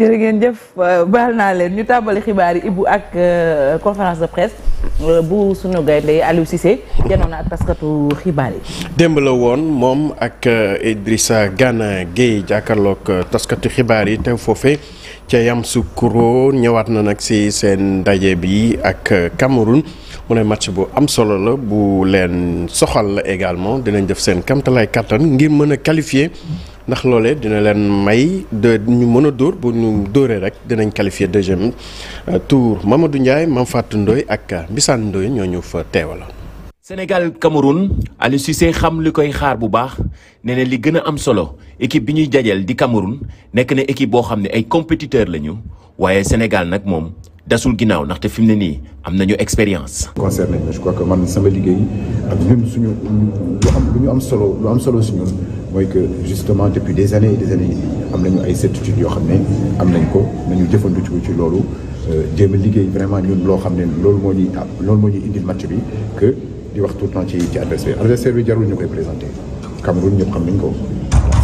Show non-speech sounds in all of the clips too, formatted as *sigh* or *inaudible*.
jërë ngeen jëf euh, baal naa leen ñu tàmbali xibaar yi Ibou ak euh, conférence de presse euh, bu suñu gaynde Aliou Cissé janoon na ak taskatu xibaar yi. démb la woon moom ak Idrissa Gana Gueye jàkkaarloog taskatu xibaar yi teew foofe ca Yamoussoukro ñëwaat na nag si seen ndaje bi ak Cameroun. mu ne match bu am solo la bu leen soxal la également dinañ def seen kamtalaay kattan ngir mën a qualifier ndax loolee dina leen may de ñu mën a dóor bu ñu dóoree rek dinañ qualifier deuxième euh, tour Mamadou Ndiaye Mame Fatou Ndoye ak Mbissane Ndoye ñoo ñu fa teewala Sénégal Cameroun Aliou Cissé xam li koy xaar bu baax nee na li gën a am solo équipe bi ñuy jajeel di Cameroun nekk na équipe boo xam ne ay compétiteur lañu waaye Sénégal nag moom tasul ginnaaw ndaxte fi mu ne nii am nañu expérience. concerné je crois que man sama liggéey ak ñun suñu lu am lu ñu am solo lu am solo si ñun mooy que justement depuis des années et des années am nañu ay certitudes yoo xam ne am nañ ko nañu jëfandiku ci loolu euh, jëm a liggéey vraiment ñun loo xam ne loolu moo ñuy loolu moo ñuy indil match bi que di wax tout temps ci ci adversaire adversaire bi jarul ñu koy présenté Cameroun ñëpp xam nañ ko.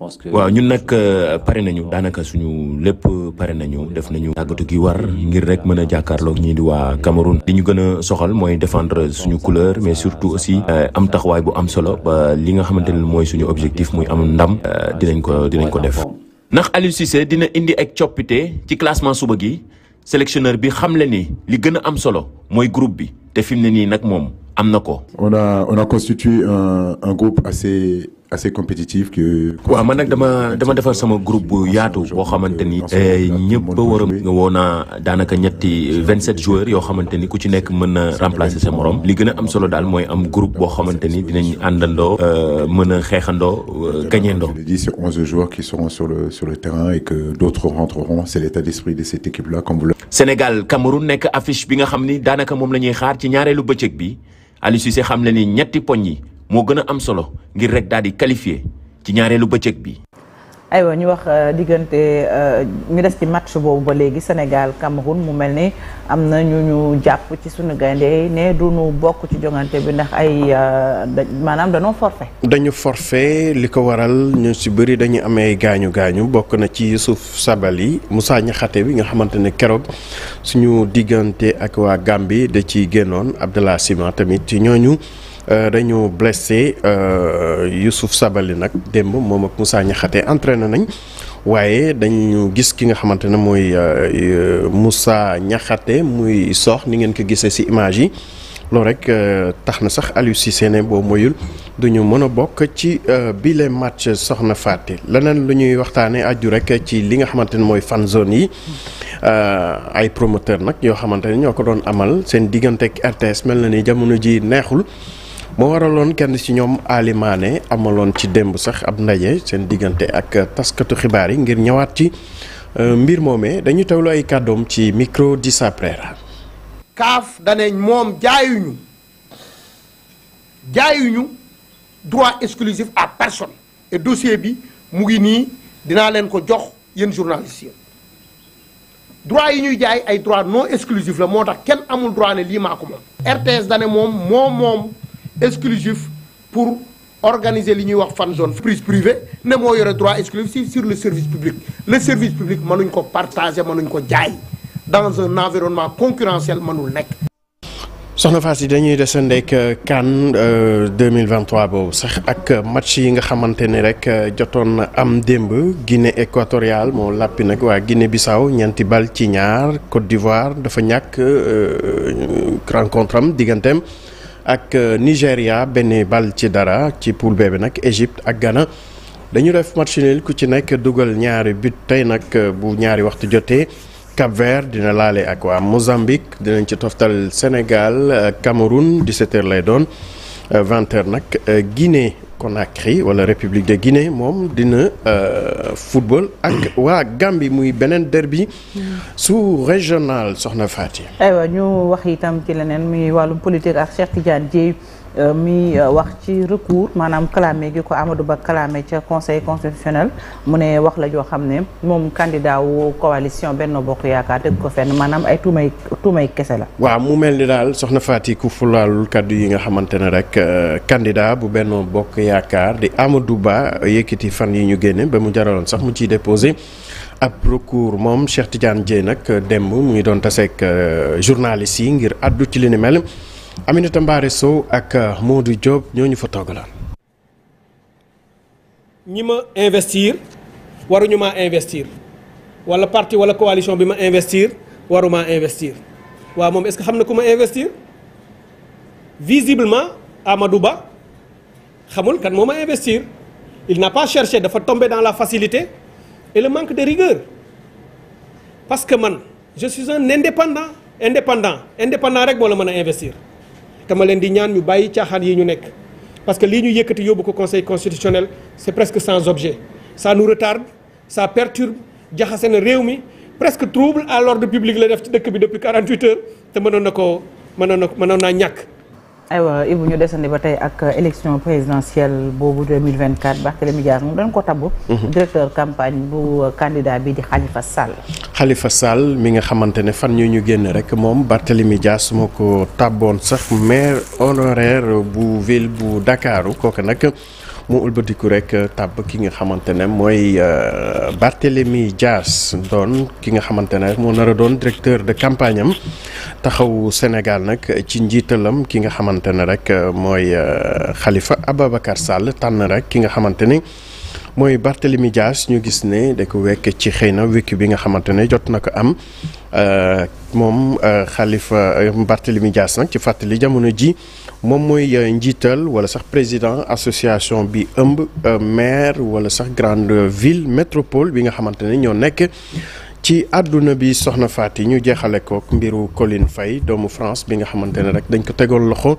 waaw ñun nag euh, pare nañu daanaka suñu lépp pare nañu def nañu tàggatu gi war ngir rek mën a jàkkaarloog ñii di waa Cameroun li ñu gën a soxal mooy défendre suñu couleur mais surtout aussi euh, am taxawaay bu am solo li nga xamante ne mooy suñu objectif muy am ndam euh, dinañ ko dinañ ko def ndax Aliou Cissé dina indi ak coppite ci classement suba gi sélectionneur bi xamle ni li gën a am solo mooy groupe bi te fi mu ne nii nag moom am na ko on a on a un groupe assez que. waaw man nag dama dama defar sama groupe bu yaatu boo xamante ni. Eh, ñëpp war nga woo naa daanaka ñetti 27 joueurs yoo xamante ni ku ci nekk mën na remplacer sa morom. li gën am solo daal mooy am groupe boo xamante ni dinañ àndandoo. Euh, mën a xeexandoo euh, gañeendoo. je dis c'est 11 joueurs qui seront sur sur le terrain et que d'autres rentreront c'est l'état d'esprit de nekk affiche bi nga xam ni daanaka moom la ñuy xaar ci ñaareelu bëccëg bi Aliou Cissé xam na ni ñetti poñ yi. moo gën a am solo ngir rek daal di qualifié ci ñaareelu bëccëg bi. aywa ñu wax euh, diggante euh, ñu des ci match boobu ba léegi senegal Cameroun mu mel ni am na ñu ñu jàpp ci sunu gaynde ne du nu bokk ci jongante bi ndax ay euh, maanaam danoo forfait. dañu forfait li ko waral ñu si bëri dañu amee gaañu gaañu bokk na ci Youssouf Sabali Moussa Niakhaté bi nga xamante ne keroog suñu diggante ak waa Gambie da ciy génnoon Abdallah Sima tamit ci ñooñu. Euh, dañu blessé euh, Youssouf Sabaly nag démb moom ak Moussa Niakhaté entraîné nañ waaye dañu gis ki nga xamante ne mooy euh, musa ñaxate muy soox ni ngeen ko gisee ci image yi loolu rek tax na sax Aliou si ne boo moyul duñu mën a bokk ci bile match soxna Faty leneen lu ñuy waxtaanee aju rek ci li nga xamante ne mooy fan zone yi ay promoteur nag yoo xamante ne ñoo ko doon amal seen diggante ak RTS mel na ni jamono ji neexul. moo waraloon kenn ci ñoom Ali Mané amaloon ci démb sax ab ndaje seen diggante ak taskatu xibaar yi ngir ñëwaat ci euh, mbir moomee dañu tawlu ay kàddoom ci micro di sa prera kaaf dane moom jaayuñu jaayuñu droit exclusif à person et bi mu ngi nii dinaa leen ko jox yéen journalistes yi droit yi ñuy jaay ay droit non exclusif la moo tax kenn amul droit ne lii maa ko moom RTS dane moom moom moom exclusif pour organiser li ñuy wax fan zone prise privée ne moo yore droit exclusif sur le service public le service public mënuñ ko partager mënuñ ko jaay dans un environnement concurrentiel mënul nekk soxna Fass yi dañuy desandeek euh, CAN 2023 euh, boobu sax ak euh, match yi nga xamante ni rek jotoon na am démb Guinée équatoriale moo làppi nag waa Guinée Bissau ñeenti bal ci ñaar Côte d'Ivoire dafa ñàkk rencontre am digganteem ak euh, nigeria benn bal ci dara ci poule bi nag Égypte ak gana dañu def match nul ku ci nekk dugal ñaari but tey nag euh, bu ñaari waxtu jotee Cap Vert dina laale ak waa Mozambique dinañ ci toftal Sénégal euh, Cameroun di h lay doon 20 nag Guinée Conakry wala République de Guinée moom dina euh, football ak *clears throat* waa Gambie muy beneen derby su régional soxna Faty. aywa ñu wax itam ci leneen muy wàllum politique ak Cheikh Tidiane Dièye. Euh, mi euh, wax ci recours maanaam clamé gi ko amadu Ba clamé ca conseil constitutionnel mu ne wax la joo xam ne moom candidat wu coalition Benno Bokk Yaakaar dëgg ko fenn maanaam ay tuumay tuumay kese la. waaw mu mel ni daal soxna Fatick ku fulaalul kaddu yi nga xamante ne rek euh, candidat bu Benno Bokk Yaakaar di Amadou Ba yëkkati fan yi ñu génne ba mu jaraloon sax mu ci déposé. ab recours moom Cheikh Tidiane Dièye nag demb mu ngi doon taseeg journaliste yi ngir àddu ci li ni Aminata Mbaare Sow ak euh, Modou Diop ñoo ñu fa toogalaan. ñi ma investir waruñu maa investir wala parti wala coalition bi ma investir waruma investir waaw moom est-ce que xam na ku ma investir visiblement Amadou Ba xamul kan moo ma investir il n'a pas cherché dafa tombe dans la facilité et le manque de rigueur parce que man je suis un indépendant indépendant indépendant rek moo la mën a investir. te ma leen di ñaan ñu bàyyi caaxaan yi ñu nekk parce que lii ñu yëkkati yóbbu ko conseil constitutionnel c'est presque sans objet ça nous retarde ça perturbe jaxase na réew mi presque trouble à l'ordre public la def ci dëkk bi depuis 48 heures te mënoon na ko mënoon na mënoon naa ñàkk aywa Ibou ñu desandi ba tey ak élection présidentielle boobu 2024 Barthélémy Dias moom dañ ko tabb. Mhm. directeur campagne bu candidat bi di Khalifa Sall. Khalifa Sall mi nga xamante ne fan ñu ñu génn rek moom Barthélémy Dias moo ko tàbboon sax maire honoraire bu ville bu Dakar kooku nag. mu ëlbatiku rek euh, tàbb ki nga xamante ne mooy euh, Barthélémy Dias doon ki nga xamante ne moo nara doon directeur de campagne am taxawu Sénégal nag ci njiitalam ki nga xamante ne rek euh, mooy Khalifa Ababacar Sall tànn rek ki nga xamante ni mooy Barthélémy Dias ñu gis ne da ko wekk ci xëy na wékk bi nga xamante ne jot na ko am moom euh, Khalifa euh, Barthélemy Dias nag ci fàttali jamono ji moom mooy euh, njiital wala sax président association bi ëmb maire wala sax grande ville métropole bi nga xamante ne ñoo nekk ci àdduna bi soxna yi ñu jeexale ko mbiru Colline Faye doomu France bi nga xamante ne rek dañ ko tegoon loxo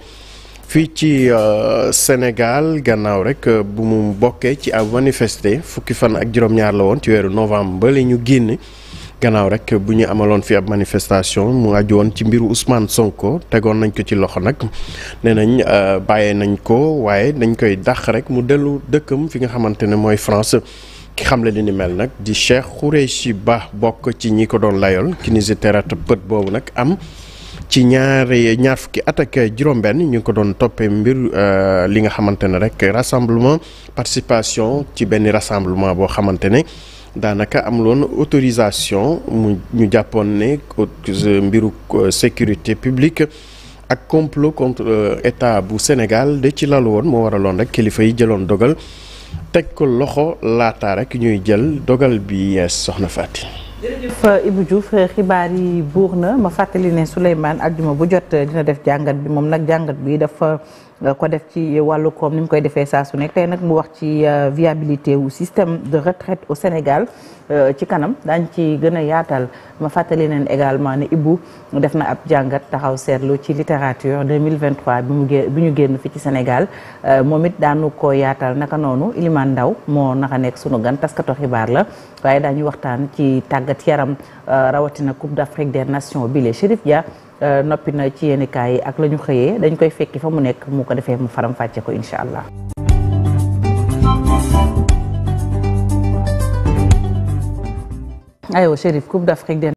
fii ci Sénégal gannaaw rek bu mu bokkee ci ab manifester fukki fan ak juróom-ñaar la woon ci weeru novembre ba ñu génne gannaaw rek bu ñu amaloon fi ab manifestation mu aju woon ci mbiru Ousmane Sonko tegoon nañ ko ci loxo nag nee nañ euh, bàyyee nañ ko waaye dañ koy dàq rek mu dellu dëkkam fi nga xamante ne mooy France. ki xam la li ni mel nag di Cheikh Khoureychi Ba bokk ci ñi ko doon layool kinésithérapeute pët boobu nag am. ci ñaari ñaar fukki at ak ñu ngi ko doon toppee mbir euh, li nga xamante ne rek rassemblement participation ci benn rassemblement boo xamante ne. daanaka am loon autorisation mu ñu jàppoon ne mbiru euh, sécurité publique ak complot contre euh, état bu Sénégal de ci lalu woon moo waraloon rek kilifa yi jëloon dogal teg ko loxo laata rek ñuy jël dogal bi yees euh, soxna Fati. jërëjëf Ibou Diouf xibaar yi buur na ma fàttali ne Souleymane àjjuma bu jot dina def jàngat bi moom nag jàngat bi dafa. nga ko def ci wàllu koom ni mu koy defee saa su nekk tey nag mu wax ci euh, viabilité wu système de retraite au Sénégal euh, ci kanam daañ ci gën a yaatal ma fàttali leen également ne ibu def na ab jàngat taxaw seetlu ci littérature 2023 bi mu gé bi ñu génn fi ci Sénégal euh, moom it daanu ko yaatal naka noonu Iliman Ndaw moo naka nekk sunu gan taskato xibaar la waaye daañu waxtaan ci tàggat yaram rawatina Coupe d'Afrique des Nations bile Chérif Dia Euh, noppi na ci yenn kaay yi ak la ñu xëyee dañ koy fekk fa mu nekk mu ko defee mu faram fàcce ko incha allah. aywa Chérif Coupe d'Afrique